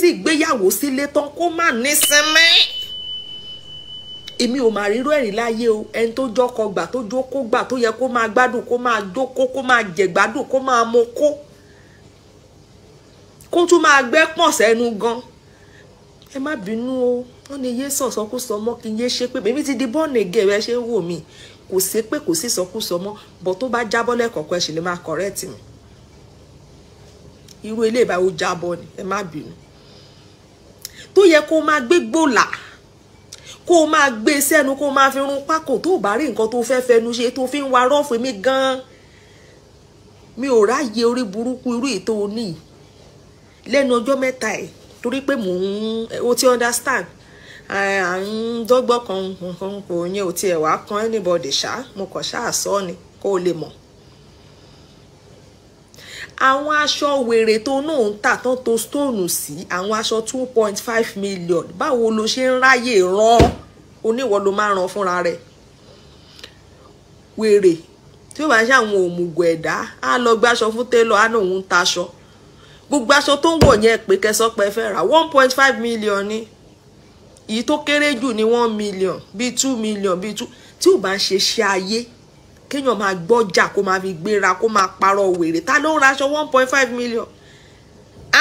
Lizzy gbéyàwó sílé tán kó má nísinmi èmi ò mà ríró ẹ̀rìn láyé o ẹni tó jọkọ gbà tó jókòó gbà tó yẹ kó máa gbádùn kó máa jókòó kó máa jẹ̀gbádùn kó máa mokó kó tún máa gbẹ́ pọ̀n sẹ́nu gan ẹ má bínú o wọ́n ní yé sọ̀sọ́kúsọ mọ́ kí n yé ṣe pé èmi ti di born again ẹ ṣe ń wò mí kò sí pé kò sí sọkúsọ mọ́ bọ́ tó bá jábọ́ lẹ́kọ̀ọ́kọ́ ẹ sì lè máa correct mi irú ilé ìbáwò jábọ́ ni ẹ má bínú tó yẹ kó máa gbé gbòòlà kó máa gbé sẹ́nu kó máa fi run pákò tó bá rí nǹkan tó fẹ́ fẹnu ṣe tó fi ń wa rọ́ọ̀fù mi gan-an mi ò ráàyè orí burúkú irú ètò òní lẹ́nu ọjọ́ mẹ́ta ẹ̀ torí pé mò ń o ti understand eh, à ń dọ́gbọ́n kan kò yẹn ò tiẹ̀ wá kan anybody ṣá mo kàn ṣáà sọ ni kó o lè mọ̀ àwọn aṣọ wèrè tó náà ń tà tán tó stóònù sí àwọn aṣọ two point five million báwo lo ṣe ń ráyè rán oníwọ ló máa ràn fúnra rẹ̀ wèrè tí ó bá ń ṣe àwọn òmùgọ̀ ẹ̀dá á lọ gbáṣọ fún télọ̀ á náà ń taṣọ gbogbo aṣọ tó ń wọ̀ yẹn pé kẹsàn pé fẹ́ ra one point five million ni èyí tó kéré jù ní one million bíi two million bíi two tí ò bá ń ṣe ṣe ayé kéèyàn máa gbọ́jà kó máa fi gbéra kó máa parọ́ wèrè ta ló ń raṣọ one point five million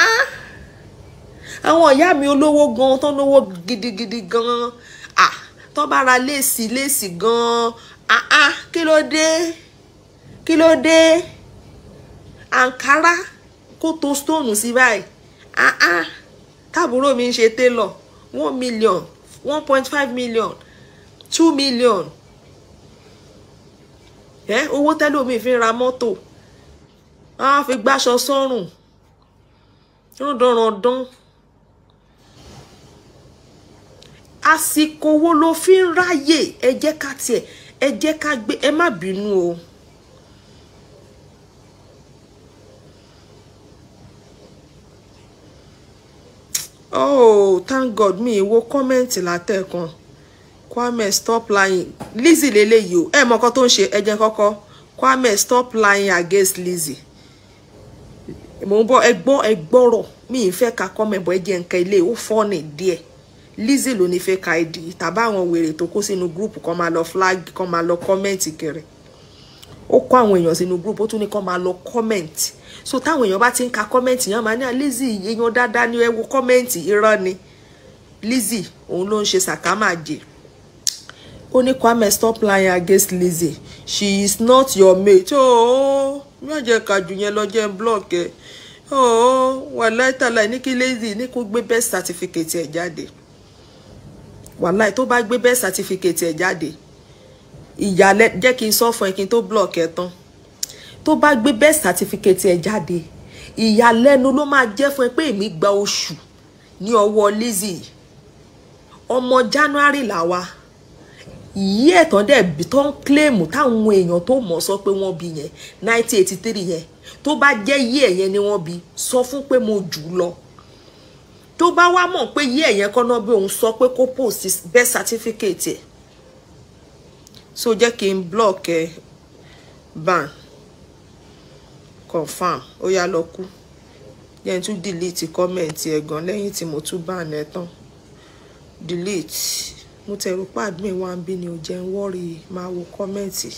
ah àwọn ìyá mi olówó gan tó lówó gidigidi gan ah tó bá ra léèsì léèsì gan ah ah kí ló dé kí ló dé àǹkárá kó to stone sí báyìí ah ah táàbúrò mi ń ṣe télọ̀ one million one point five million two million ẹ owó tẹ́lòmíì fi ń ra mọ́tò á fi gbáṣọ sọ́rùn rọ̀dọ̀rọ̀dán àsìkò wo ló fi ń ráyè ẹ jẹ́ ká tiẹ̀ ẹ jẹ́ ká gbé ẹ má bínú o. oh thank god mi ìwo kọ́mẹ́ǹtì látẹ̀kan Kwame stop lying Lizzie. leléyìí o ẹ mọ nǹkan tó ń ṣe ẹ jẹ́ kọ́kọ́ Kwame stop lying against Lizzie. mo ń bọ̀ ẹ gbọ́ ẹ gbọ́rọ̀ mi ì fẹ́ ka comment bọ̀ ẹ jẹ́ nǹkan ilé e. ó fọ́ọ̀nì díẹ̀ Lizzie, ló ní fake ID tàbá àwọn wèrè tó kó sínú group kan máa lọ flag kan máa lọ comment kiri ó kó àwọn èèyàn sínú group ó tún ní kan máa lọ comment so táwọn èèyàn bá ti ń ka comment yẹn máa ní à ah, Lizzy èèyàn dáadáa ni ẹ wo comment irọ́ ni Lizzie. òun ló ń ṣe sàkámàjè ó ní Kwame stop lying against Lizzie, she is not your mate ooo oh, mi ò jẹ́ ká jù yẹn lọ jẹ́ block ẹ̀ ooo wàláì tàláì ní kí Lizzy ní kó gbé best certificate ẹ̀ jáde wàláì tó bá gbé best certificate ẹ̀ jáde ìyàlẹ́ jẹ́ kí n sọ fún ẹ kí n tó block ẹ̀ tán tó bá gbé best certificate ẹ̀ jáde ìyàlẹ́nu ló máa jẹ́ fún ẹ pé èmi gba oṣù ní ọwọ́ Lizzy ọmọ January làwa yìí ẹ̀tàn dẹ̀ bí tó ń kílèmù táwọn èèyàn tó mọ̀ sọ pé wọ́n bí yẹn nineteen eighty three yẹn tó bá jẹ́ yí ẹ̀yẹn ni wọ́n bí sọ fún pé mo jù ú lọ tó bá wá mọ̀ pé yí ẹ̀yẹn kọ́nà bí òun sọ pé kó post birth certificate ẹ̀ so jẹ́ kí n block ẹ ban confam ó yá lọ kú jẹ́ tún delete comment ẹ̀ gan lẹ́yìn tí mo tún ban ẹ tán delete mo tẹ̀rù pa admin wa ń bí ni ò jẹ́ wọ́ọ̀rì máa wo kọ́mẹ́ǹtì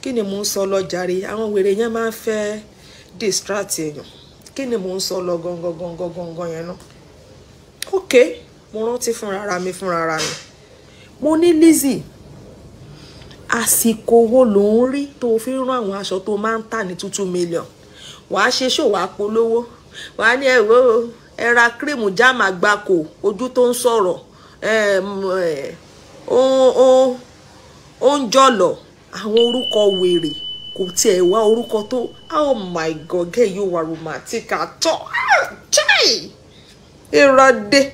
kí ni mò ń sọ lọ jàre àwọn wèrè yẹn máa ń fẹ́ distract èèyàn kí ni mò ń sọ lọ gangan gangan gangan yẹn náà ok mo rántí fúnra mi fúnra mi mo ní Lizzie àsìkò wo ló ń rí tó fi rán àwọn aṣọ tó máa ń tà ní two two million wàá ṣe ṣó wàá polówó wàá ní ẹ̀wọ́ o ẹ ra kírìmù jáàmù àgbákò ojú tó ń sọ̀rọ̀ ó ń jọ̀lọ̀ àwọn orúkọ wèrè kò tiẹ̀ wá orúkọ tó oh my god gẹ́ yóò wà romantic àtọ́ ah, chai ìrọ̀dẹ́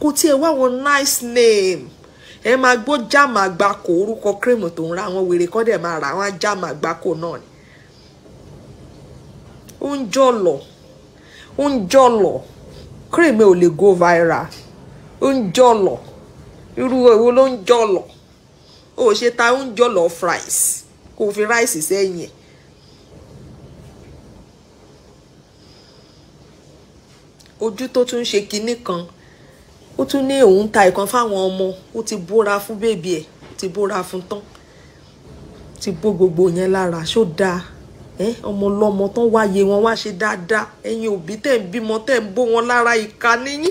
kò tiẹ̀ wá àwọn nice name ẹ máa gbọ́ jáàmù àgbákò orúkọ kírìmù tó ń ra àwọn wèrè kọ́ dẹ̀ máa ra àwọn jáàmù àgbákò náà ó ń jọ̀lọ̀ ń jọ̀lọ̀ cream ò lè go viral ń jọ̀lọ̀ irú èwo ló ń jọ̀lọ̀ ó ṣe ta ń jọ̀lọ̀ fries kò fi ráìsì sẹ́yìn ẹ̀. ojú tó tún ṣe kinní kan ó tún ní òun ta ìkan fáwọn ọmọ ó ti bóra fún bèbí ẹ̀ ti bóra fún tán ti bó gbogbo yẹn lára ṣó dáa. Eh, ọmọ ọlọ́mọ tán wáyé wọn wá ṣe dáadáa ẹ̀yin òbí tẹ̀ ń bímọ tẹ̀ ń bó wọn lára ìka níyìn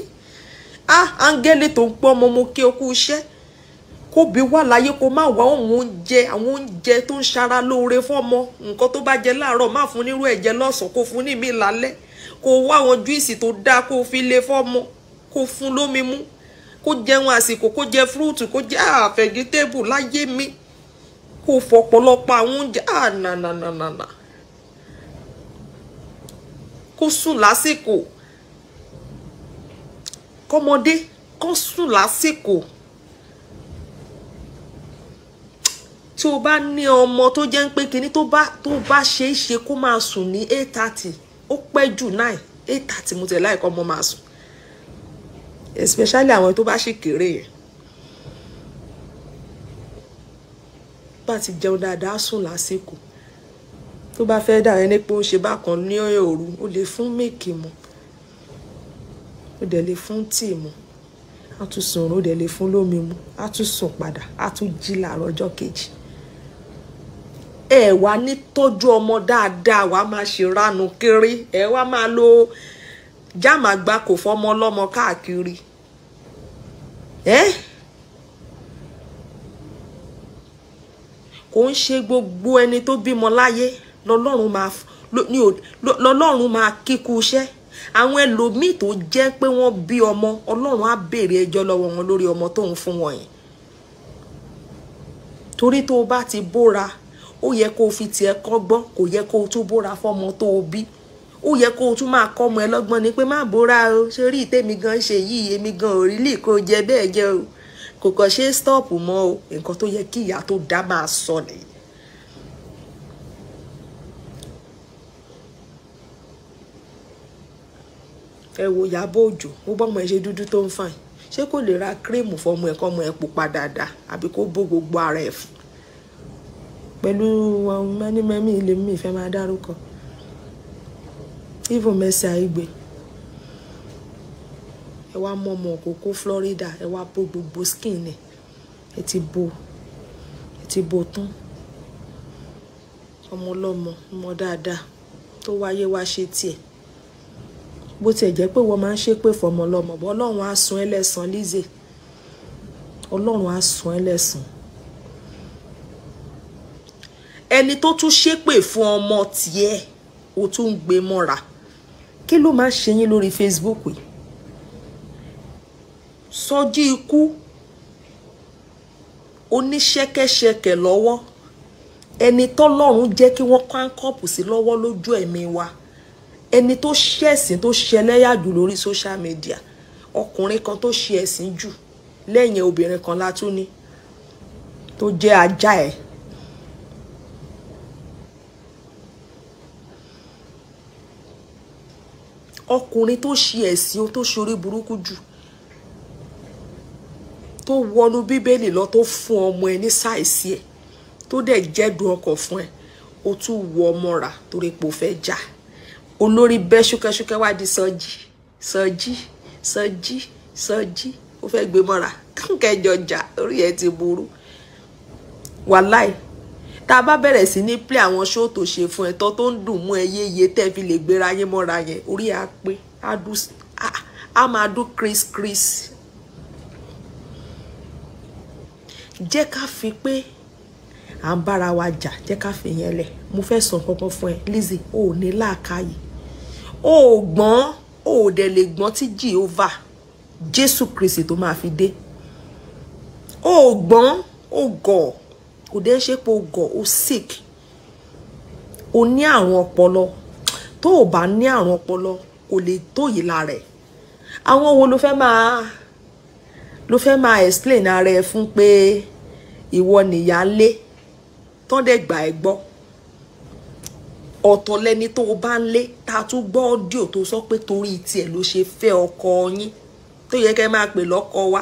ah áńgẹ́lì tó ń pọ́ ọmọ mo kí o kú iṣẹ́ kóbi wà láyé kó má wá òun oúnjẹ àwọn oúnjẹ tó ń ṣara lóore fọ́mọ nǹkan tó bá jẹ láàárọ̀ má fún nírú ẹ̀jẹ̀ lọ́sàn-án kó fún nímí lálẹ́ kó wá àwọn júìsì tó dáa kó fi lé fọ́mọ kó fún lómi mú kó jẹun àsìkò kó jẹ fúrúùtù kó jẹ àfẹ̀gítébù ah, láyé mi kó fọ̀pọ̀lọpọ̀ àwọn oúnjẹ ànànànànà. Ah, kó sùn lásìkò kọ́mọdé kó sùn lásìkò tí o bá ní ọmọ tó jẹ́ pé kinní tó bá tó bá ṣe é ṣe kó máa sùn ní eight thirty ó pẹ́ jù nine eight mo tẹ̀ láìkọ́ ọmọ máa sùn especially àwọn tó bá ṣì kéré yẹn bá ti jẹun dáadáa sùn lásìkò tó bá fẹ́ dà ẹni pé ó ṣe bákan ní òru ó lè fún méèkì mu ó dẹ̀ lè fún tíì mu á tún sùn ó dẹ̀ lè fún lómi mu á tún sùn padà á tún jí làárọ̀ ọjọ́ kejì ẹ wá ní tọ́jú ọmọ dáadáa wàá máa ṣe ránu kiri ẹ wá máa lo jámàgbá kò fọmọ ọlọ́mọ káàkiri kò ń ṣe gbogbo ẹni tó bímọ láyé lọ́lọ́run máa lọ́lọ́run máa kíkú iṣẹ́ àwọn ẹlòmíì tó jẹ́ pé wọ́n bí ọmọ ọlọ́run á béèrè ẹjọ́ lọ́wọ́ wọn lórí ọmọ tóun fún wọn yìí torí tó o bá ti bóra ó yẹ kó o fi tiẹ̀ kọ́gbọ́n kò yẹ kó o tún bóra fọ́mọ tó o bí ó yẹ kó o tún máa kọ́ ọmọ ẹ lọ́gbọ́n ni pé má bóra o ṣe rí ìtẹ́mi gan ṣe yìí èmi gan ò rí lì kó jẹ bẹ́ẹ̀ jẹ o kò kàn ṣe stop mọ́ o nǹkan tó yẹ kí ìyá tó dá máa sọ nìyí ẹ wo Ìyábọ̀ Òjó ó bọ́mọ ẹ ṣe dúdú tó ń fàn ṣé kò lè ra kírèmù fọmọ ẹ kọmọ ẹ pupa dáadáa àbí kó bó gbogbo ara ẹ fún pẹ̀lú àwọn mẹ́nìmẹ́mí ilé mi ìfẹ́ máa dárúkọ even Mercy Aigbe ẹ wá mọ ọmọ òkókó Florida ẹ wá bó gbogbo skin ẹ ẹ ti bó ẹ ti bó tán ọmọ ọlọ́mọ ọmọ dáadáa tó wáyé wá ṣe tiẹ̀ bó tiẹ̀ jẹ́ pé wọ́n máa ń ṣépè fọmọ ọlọ́mọ bọ́ ọlọ́run á sun ẹlẹ́sàn Lizzie ọlọ́run á sun ẹlẹ́sàn ẹni tó tún ṣépè fún ọmọ tiẹ̀ ó tún ń gbé mọ́ra kí ló máa ń ṣe yín lórí Facebook yìí sọjí ikú oníṣẹ́kẹ́ṣẹkẹ̀ lọ́wọ́ ẹni tọ́lọ́run jẹ́ kí wọ́n kánkọ́ọ̀pù sí lọ́wọ́ lójú ẹ̀mí wa ẹni tó ṣe ẹ̀sìn tó ṣe ẹlẹ́yà jù lórí social media ọkùnrin kan tó ṣe ẹ̀sìn jù lẹ́yìn obìnrin kan látún ní tó jẹ́ ajá ẹ̀. ọkùnrin tó ṣe ẹ̀sìn tó ṣorí burúkú jù tó wọnú bíbélì lọ tó fún ọmọ ẹ ní sáìsì ẹ tó dẹ̀ jẹ́dùn ọkọ̀ fún ẹ ó tún wọ ọmọ rà torí pò fẹ́ jà. Ja olórí bẹ́ ṣúkẹ́ṣúkẹ́ wá di sọjí sọjí sọjí sọjí ó fẹ́ gbé mọ́ra kẹjọ jà orí ẹ ti burú wàláì tá a bá bẹ̀rẹ̀ sí ní play àwọn ṣó tó ṣe fún ẹ tọ́ tó ń dùn mú ẹ yéye tẹ́ fi lè gbéra yín mọ́ra yẹn orí ẹ á pé á máa dún chris chris jẹ́ ká fi pé à ń bára wa jà jẹ́ ká fi yẹn lẹ̀ mo fẹ́ sọ kankan fún ẹ Lizzy o ò ní láàkáyìí o ò gbọ́n o ò dẹ̀ lè gbọ́n tí Jehovah Jésù Kristi tó máa fi dé o ò gbọ́n o gọ̀ kò dẹ̀ ṣe pé o gọ̀ o sick o ní àrùn ọpọlọ tó o bá ní àrùn ọpọlọ kò lè tó yìí lára ẹ̀ àwọn wo ló fẹ́ máa ló fẹ́ máa explain ara ẹ fún pé ìwọ nìyá lé tán dẹ̀ gbà ẹ́ gbọ́ ọ̀tọ̀ lẹni tó o bá ń lé ta tún gbọ́ ọ́díò tó sọ pé torí tiẹ̀ ló ṣe fẹ́ ọkọ yín tó yẹ kẹ́ máa pè lọ́kọ wa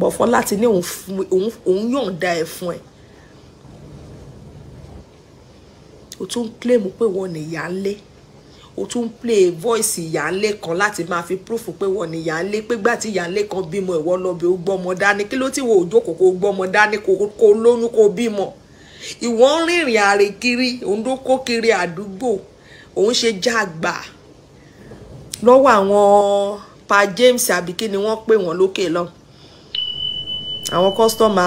bọ̀fọ́ láti ní òun yọ̀ǹda ẹ̀ fún ẹ̀ o tún claim pé wọ́n ní ìyá ń lé o tún play voice ìyá ń lé kan láti máa fi proof pé wọ́n ní ìyá ń lé pé gbà tí ìyá ń lé kan bímọ ìwọ lọ bí o gbọ́mọ dání kí ló tí wo òjò kò kó gbọ́mọ dání kó lóyún kó bímọ ìwọ ń rìnrìn àrè kiri òun ló kó kiri àdúgbò òun ṣe jágbà lọ́wọ́ àwọn pa James àbíkí ni wọ́n pè wọ́n lókè lọ àwọn kọ́sítọ́mà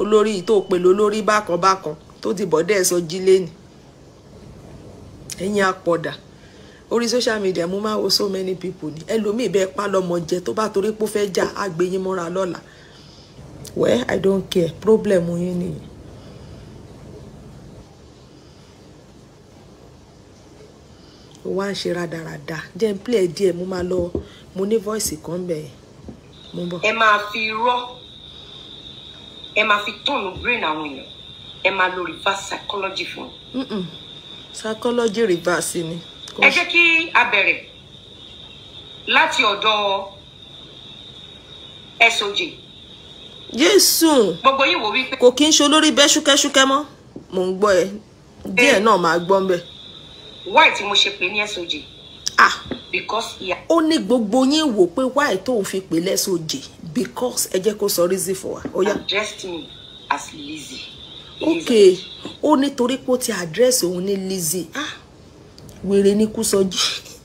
olórí tó pèlú olórí bákanbákan tó ti bọ́dẹ̀ sọ jí lẹ́nu ẹ̀yin apọ̀dà orí social media mo máa wo so many people ni ẹlòmíì bẹ́ẹ̀ pa lọ́mọ jẹ tó bá torí pé ó fẹ́ jà á mọ́ra lọ́la well I don't care problem yín nìyẹn ó wá ń ṣe rádaràda jẹ́ n play díẹ̀ mo máa lọ mo ní voice kan bẹ̀ mo bọ̀. ẹ máa fi irọ́ ẹ máa fi tọ́nù brain àwọn èèyàn ẹ máa lo reverse psychology fún un. psychology reverse ni. ẹ jẹ́ kí a bẹ̀rẹ̀ láti ọ̀dọ̀ SOJ. Jésù gbogbo yìí wò wípé. kò kí n ṣe olórí bẹ́ṣúkẹ́ṣúkẹ́ mọ́ mò ń gbọ́ ẹ díẹ̀ náà máa gbọ́ ń why tí mo ṣe pè ní SOJ. ah because he. ó ní gbogbo yín wò pé why tó ń fi pè lẹ́sọ̀jì because ẹ jẹ́ kó sọ reason for wa. ó yá. addressed me as Lizzy. ok ó nítorí pé ó ti address òun ní Lizzy ah wèrè ní Kúsọjí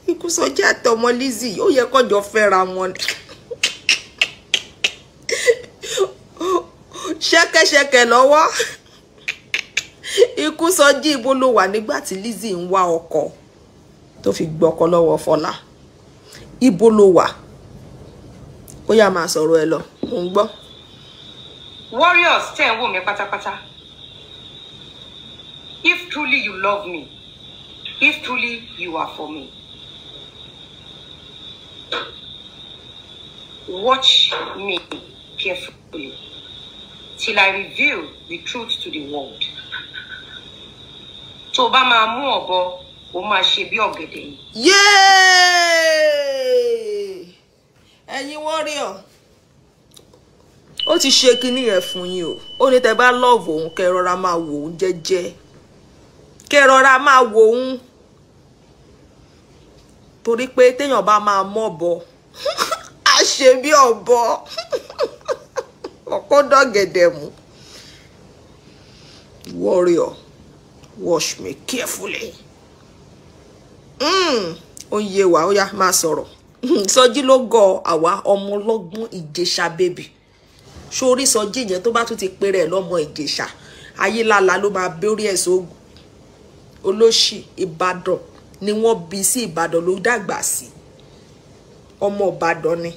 Kúsọjí àtọmọ Lizzy ó yẹ kọjọ fẹ́ra wọn ni. ṣẹ̀kẹ̀ṣẹ̀kẹ̀ ikú sọjí ibo ló wà nígbà tí Lizzy ń wá ọkọ tó fi gbọkọ lọ́wọ́ Fọlá ibo ló wà ó yá máa sọ̀rọ̀ ẹ lọ mò ń gbọ́. warriors tẹ́ ń wò mí pátápátá if truly you love me if truly you are for me watch me carefully till I reveal the truth to the world tó o bá máa mú ọ̀bọ o máa ṣe bí ọ̀gẹ̀dẹ̀ yìí. yéé ẹ̀yin warrior ó ti ṣe kinní yẹn fún yín o ó ní tẹ́ bá lọ́ọ̀bù òun kẹ́ rọra máa wò ó jẹ́jẹ́ kẹ́ rọra máa wò ó torí pé téèyàn bá máa mọ̀bọ á ṣe bí ọ̀bọ ọ̀kọ́dọ̀gẹ̀dẹ̀ mú warrior wash me carefully. Hmm, ó yé wa ó yá máa sọ̀rọ̀ hmm, sọjí ló gọ àwa ọmọ ọlọ́gbọ́n baby. bèbí soji sọjí yẹn tó bá tún ti pèrè ẹ̀ lọ́mọ ìjẹ̀ṣà ayélala ló máa bórí ẹ̀ sóògùn olóṣì ìbàdàn ni wọ́n bí sí ìbàdàn ló dàgbà sí ọmọ ìbàdàn ni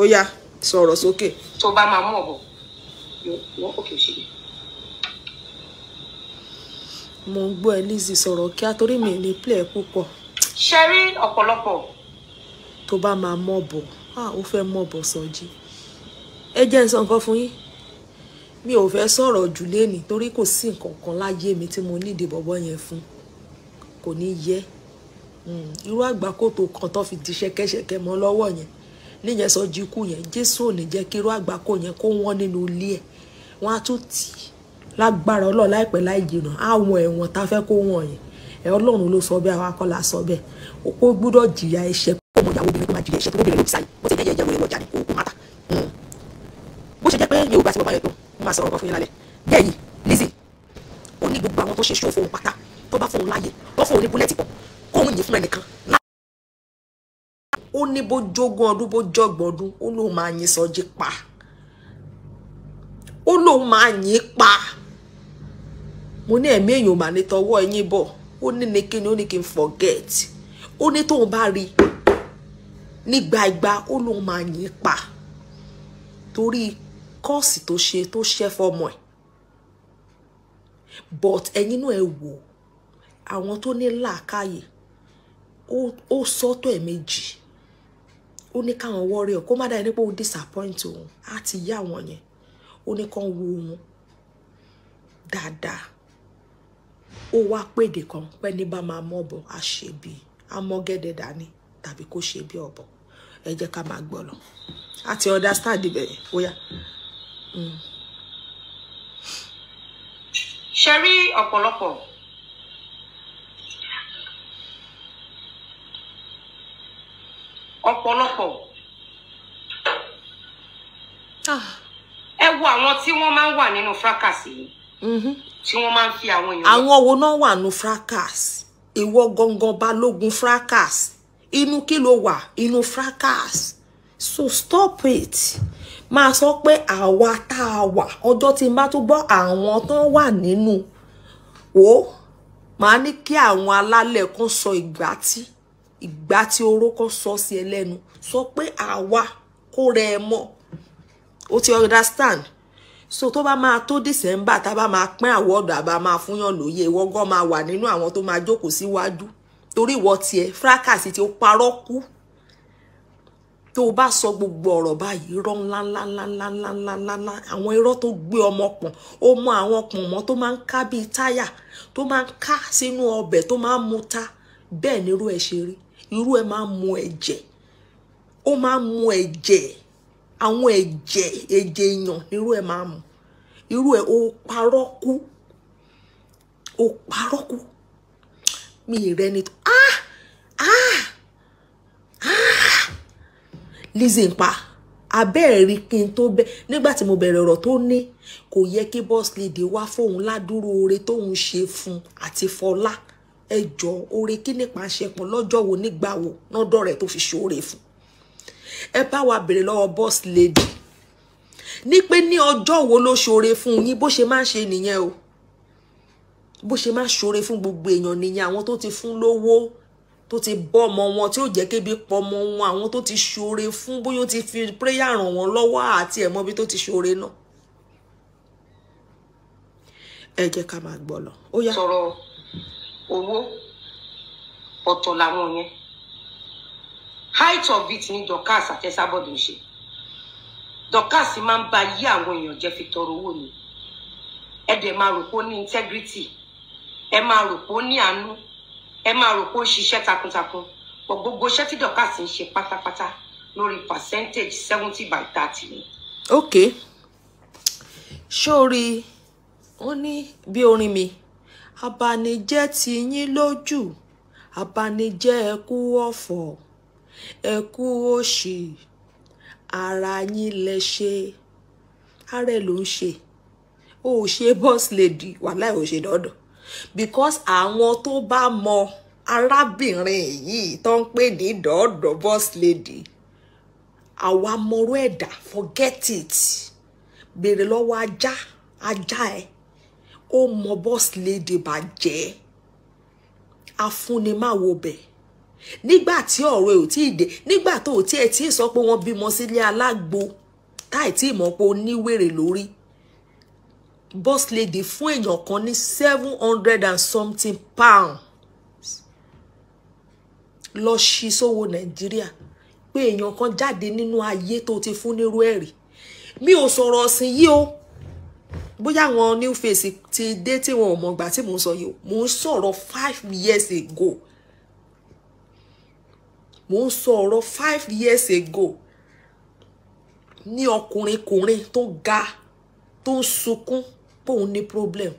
ó yá sọ̀rọ̀ sókè. tó bá máa mú ọ̀bọ̀ wọ́n kò mo ń gbọ́ ẹ Lizzy sọ̀rọ̀ kíá torí mi ní plẹ̀ púpọ̀. ṣe rí ọ̀pọ̀lọpọ̀. tó bá máa mọ̀ bọ̀ ó fẹ́ mọ̀ bọ̀ Sọjí ẹ jẹ́ n sọ nǹkan fún yín mi ò fẹ́ sọ̀rọ̀ jù lénìí torí kò sí nǹkan kan láyé mi tí mo nídìí bọ̀bọ̀ yẹn fún kò ní yẹ hmm, irú àgbákòtò kan tó fi di ṣẹ̀kẹ̀ṣẹ̀kẹ̀ mọ́ lọ́wọ́ yẹn níyẹn Sọjí kú yẹn Jésù ò ní jẹ́ kí irú àgbákò yẹn kó wọ́n nínú ilé ẹ̀ wọ́n á tún tì í lágbára ọlọ́run láìpẹ́ láì jìnnà àwọn ẹ̀wọ̀n tá a fẹ́ kó wọ̀n yìí ẹ̀ ọlọ́run ló sọ bẹ́ẹ̀ àwọn akọ́là sọ bẹ́ẹ̀ ó gbọ́dọ̀ jìyà ẹ̀ṣẹ̀ kó mọ ìyàwó obìnrin tó máa jìyà ẹ̀ṣẹ̀ tó bẹ̀rẹ̀ lóbi sáyé wọ́n ti yẹ ìyàwó rẹ̀ wọ́n jáde kó má ta. Hmm. bó ṣe jẹ́ pé yorùbá ti bọ́ báyọ̀ tó máa sọ̀rọ̀ kan fún yín lálẹ́ bẹ́ẹ̀ yìí Lizzy ó ní gbogbo àwọn tó ṣe ṣòfò pátá tó bá fóun láàyè tó fóun ní búlẹ́tì pọ̀ kóun yìí fún ẹnìkan lá ó ní bó jogún ọdún bó jọgbọ̀n ọdún ó lóun máa yín sọjí pa ó lóun máa yín pa mo ní ẹ̀mí èèyàn mà ní tọwọ́ ẹ̀yìn bọ̀ ó ní ní kí ni ó ní kí n forget ó ní tóun bá rí nígbà ìgbà ó lóun máa yìn pa torí kọ́ọ̀sì tó ṣe tó ṣẹ́ fọmọ ẹ̀ but ẹ̀yin náà ẹ wò àwọn tó ní làákàyè ó sọ́tọ̀ ẹ̀ méjì ó ní káwọn wọ́ọ̀rì ọ̀ kó má dáa nípa òun disappoint òun á ti yá àwọn yẹn ó ní kán wo òun dáadáa ó wá péde kan pẹ́ni bá máa mọ́bọ̀ á ṣe bí amọ́gẹ́dẹ̀ dání tàbí kó ṣe bí ọ̀bọ ẹ jẹ́ ká máa gbọ́ lọ àti understand bẹ̀rẹ̀ ó yá. Hmm. ṣe rí ọ̀pọ̀lọpọ̀ ọ̀pọ̀lọpọ̀ ah. ẹ wo àwọn tí wọ́n máa ń wà nínú fracas yìí. Mm-hmm. tí wọ́n máa ń fi àwọn èèyàn. àwọn wo náà wà nù fracas ìwọ gangan balógun fracas inú kí ló wà inú fracas so stop it máa sọ pé àwa tá a wà ọjọ́ tí n bá tún gbọ́ àwọn tán wà nínú o màá ní kí àwọn alálẹ̀ kan sọ ìgbà tí ìgbà tí oró sọ sí ẹ sọ pé àwa kó rẹ mọ́ o ti understand so tó bá máa tó December tá a ma máa pín àwọ́dù àbá máa fúnyàn lóye ìwọ gan máa wà nínú àwọn tó máa jókòó síwájú torí ìwọ tiẹ̀ fracas tí ó parọ́ kú tó o bá sọ gbogbo ọ̀rọ̀ bayi, irọ́ ńláńláńláńláńláńlá àwọn irọ́ tó gbé ọmọ pọ̀n ó mọ àwọn Omo tó máa ń ká bíi táyà tó máa ń ká sínú ọbẹ̀ tó máa ń mu ta bẹ́ẹ̀ ni irú ẹ̀ ṣe rí irú ẹ̀ máa ń mu ẹ̀jẹ̀ ó máa mu ẹ̀jẹ̀ àwọn ẹ̀jẹ̀ ẹ̀jẹ̀ èèyàn irú ẹ̀ máa mu irú ẹ̀ ó parọ́ kú ó parọ́ kú mi ì rẹ́ni tó ah ah ah Lizzy ń pa abẹ́ẹ̀rí kí n tó bẹ́ nígbà tí mo bẹ̀rẹ̀ ọ̀rọ̀ tó ní kò yẹ kí boss lady wá fóun ládùúró oore tóun ṣe fún àti fọlá ẹjọ́ oore kí nípa ṣe pọ̀ wo nígbà wo nọ́dọ̀ rẹ̀ tó fi ṣoore fún ẹ bá wa bèrè lọ́wọ́ boss lady ní pé ní ọjọ́ wo ló ṣoore fún yín bó ṣe máa ń ṣe nìyẹn o bó ṣe máa ṣoore fún gbogbo èèyàn nìyẹn àwọn tó ti fún lówó tó ti bọ́ ọmọ wọn tí ó jẹ́ kébi pọ̀ ọmọ wọn àwọn tó ti ṣoore fún bóyá ó ti fi prayer ràn wọ́n lọ́wọ́ àti ẹ̀mọ́ bí tó ti ṣoore náà ẹ jẹ́ ká máa gbọ́ lọ. sọ̀rọ̀ owó ọ̀tọ̀ làwọn yẹn height of it ni Dorcas àtẹsábọdù ń ṣe Dorcas máa ń ba yí àwọn èèyàn jẹ fi tọrọ owó ni ẹ dẹ̀ máa rò pé ó ní integrity ẹ máa rò pé ó ní àánú ẹ máa rò pé ó ń ṣiṣẹ́ takuntakun pọ̀ gbogbo iṣẹ́ tí Dorcas ń ṣe pátápátá lórí percentage seventy by thirty ni. ok sórí wọn ní bí orin mi abanijẹ́ ti yín lójú abanijẹ́ ẹkú ọ̀fọ̀ ẹ kú òṣì ara yín lẹ ṣe ara ló ń ṣe ó ṣe boss lady wàhálà ò ṣe dọdọ because àwọn tó bá mọ arábìnrin yìí tó ń pè ní dọdọ boss lady àwa mọrú ẹ̀dá forget it béèrè lọ́wọ́ ajá ajá ẹ ó mọ boss lady bàjẹ́ afúnimáwo bẹ́ẹ̀ nígbà tí ọ̀rọ̀ ẹ ò tí ì dé nígbà tó ò tí ẹ tí ì sọ pé wọ́n bímọ sílé alágbo táì tí ì mọ̀ pé ó níwèrè lórí boss lady fún èèyàn kan ní seven hundred and something pounds lọ ṣí sówó nàìjíríà pé èèyàn kan jáde nínú ayé tó ti fún nírú ẹ̀rí mi ò sọ̀rọ̀ ọ̀sìn yìí o bóyá àwọn new face ti dé tí wọn ò mọ̀ gbà tí mò ń sọ yìí o mò ń sọ̀rọ̀ five years ago mò ń sọ ọ̀rọ̀ five years ago ní ọkùnrin kùnrin tó ga tó ń sunkún pòun ní problem